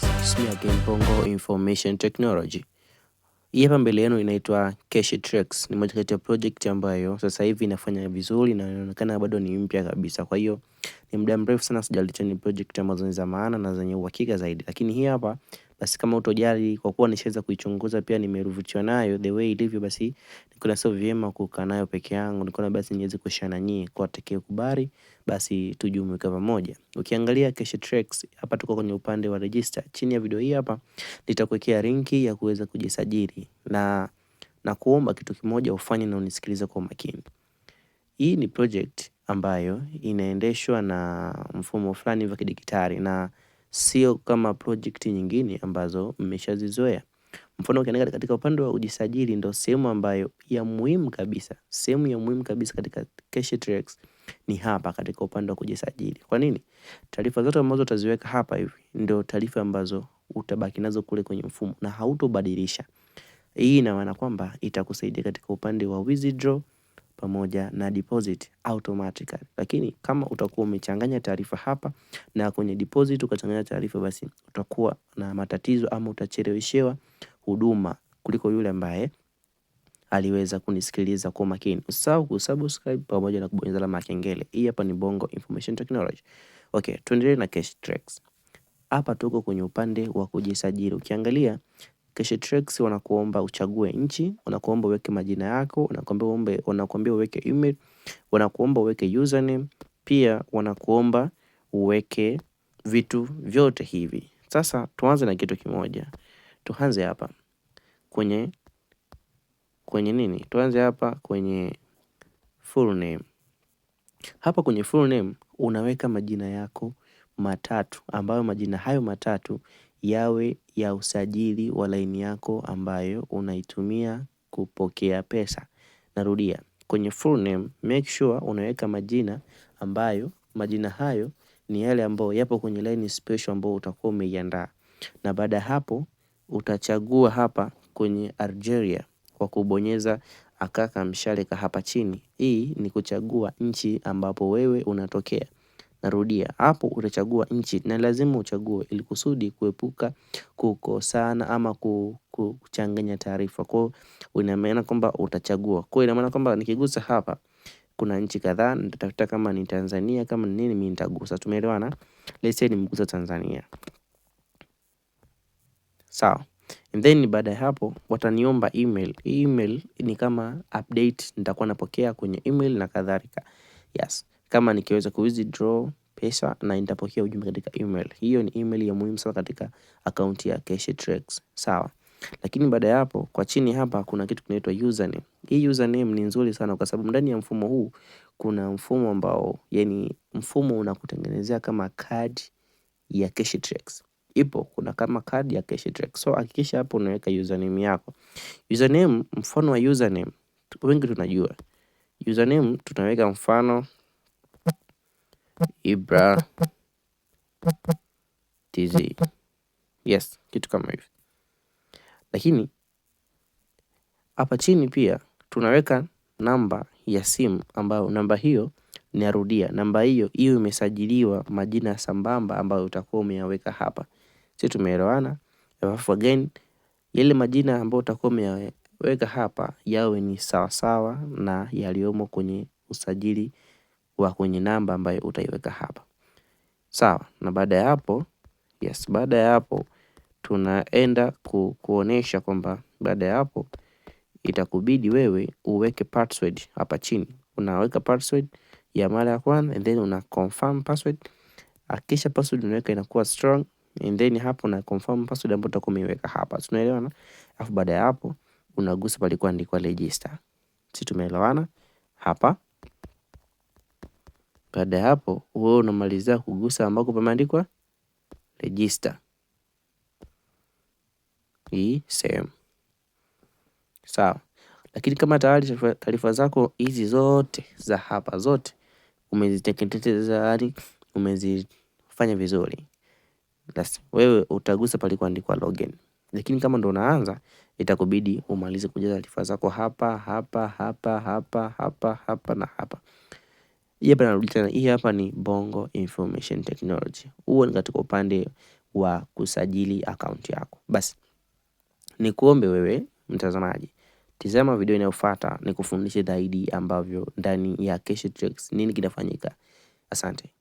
System ya Information Technology. Hii hapa mbele yenu inaitwa CashTrax, ni moja kati ya project ambayo sasa hivi inafanya vizuri na inaonekana bado ni mpya kabisa. Kwa hiyo ni muda mrefu sana sijalichani project ambazo ni za maana na zenye uhakika zaidi, lakini hii hapa basi kama utojali, kwa kuwa nishaweza kuichunguza pia nimeruvutiwa nayo the way ilivyo, basi nikuona sio vyema kukaa nayo peke yangu, nikuona basi niweze kushana nyie kwa atakayekubali, basi tujumuike pamoja. Ukiangalia Keshe Tracks hapa, tuko kwenye upande wa register. Chini ya video hii hapa nitakuwekea linki ya kuweza kujisajili, na na kuomba kitu kimoja ufanye na unisikilize kwa makini. Hii ni project ambayo inaendeshwa na mfumo fulani wa kidigitali na sio kama project nyingine ambazo mmeshazizoea. Mfano ukiangalia katika upande wa ujisajili ndo sehemu ambayo ya muhimu kabisa, sehemu ya muhimu kabisa katika Cash-Tracks ni hapa katika upande wa kujisajili. Kwa nini? Taarifa zote ambazo utaziweka hapa hivi ndio taarifa ambazo utabaki nazo kule kwenye mfumo na hautobadilisha. Hii ina maana kwamba itakusaidia katika upande wa withdraw pamoja na deposit automatically. Lakini kama utakuwa umechanganya taarifa hapa na kwenye deposit ukachanganya taarifa, basi utakuwa na matatizo ama utacheleweshewa huduma kuliko yule ambaye aliweza kunisikiliza kwa makini. Usisahau kusubscribe pamoja na kubonyeza alama ya kengele. Hii hapa ni Bongo Information Technology. Okay, tuendelee na cash tracks. Hapa tuko kwenye upande wa kujisajili. Ukiangalia Keshitrex wanakuomba uchague nchi, wanakuomba uweke majina yako, wanakuambia wanakuambia uweke email, wanakuomba uweke username, pia wanakuomba uweke vitu vyote hivi. Sasa tuanze na kitu kimoja. Tuanze hapa kwenye kwenye nini? Tuanze hapa kwenye full name. Hapa kwenye full name unaweka majina yako matatu ambayo majina hayo matatu yawe ya usajili wa laini yako ambayo unaitumia kupokea pesa. Narudia kwenye full name make sure unaweka majina ambayo majina hayo ni yale ambayo yapo kwenye line special ambayo utakuwa umeiandaa. Na baada ya hapo utachagua hapa kwenye Algeria kwa kubonyeza akaka mshale ka hapa chini. Hii ni kuchagua nchi ambapo wewe unatokea. Narudia, hapo utachagua nchi na lazima uchague ili kusudi kuepuka kukosana ama kuchanganya taarifa. Kwa ina maana kwamba utachagua. Kwa ina maana kwamba nikigusa hapa kuna nchi kadhaa nitatafuta kama ni Tanzania kama ni nini mimi nitagusa. Tumeelewana? Let's say nimegusa Tanzania. Sawa. And then baada ya hapo wataniomba email. Email ni kama update nitakuwa napokea kwenye email na kadhalika. Yes kama nikiweza ku withdraw pesa na nitapokea ujumbe katika email. Hiyo ni email ya muhimu sana katika akaunti ya Cash-Trex. Sawa. Lakini baada ya hapo, kwa chini hapa kuna kitu kinaitwa username. Hii username ni nzuri sana kwa sababu ndani ya mfumo huu kuna mfumo ambao yani, mfumo unakutengenezea kama kadi ya Cash-Trex. Ipo kuna kama kadi ya Cash-Trex. So hakikisha hapo unaweka username yako. Username, mfano wa username wengi tunajua. Username tunaweka mfano Ibra TZ. Yes, kitu kama hivi. Lakini hapa chini pia tunaweka namba ya simu ambayo namba hiyo narudia, namba hiyo hiyo imesajiliwa majina sambamba ambayo utakuwa umeyaweka hapa. Si tumeelewana? Alafu again yale majina ambayo utakuwa umeyaweka hapa yawe ni sawasawa na yaliyomo kwenye usajili wa kwenye namba ambayo utaiweka hapa. Sawa, na baada ya hapo yes, baada ya hapo tunaenda ku, kuonesha kwamba baada ya hapo itakubidi wewe uweke password hapa chini. Unaweka password ya mara ya kwanza and then una confirm password. Akisha password unaweka inakuwa strong and then hapo na confirm password ambayo utakuwa umeiweka hapa. Tunaelewana? Alafu baada ya hapo unagusa palikuwa andikwa register. Si tumeelewana hapa? Baada ya hapo wewe unamalizia kugusa ambako pameandikwa register hii sehemu sawa. Lakini kama tayari taarifa zako hizi zote za hapa zote umeziteketeza umezitengeneza, yaani umezifanya vizuri, basi wewe utagusa palikoandikwa login. Lakini kama ndo unaanza itakubidi umalize kujaza taarifa zako hapa hapa hapa hapa hapa hapa na hapa hii hapa narudi tena, hii hapa ni Bongo Information Technology. Huo ni katika upande wa kusajili akaunti yako. Basi ni kuombe wewe mtazamaji, tizama video inayofuata, nikufundishe zaidi ambavyo ndani ya Cash Tricks nini kinafanyika. Asante.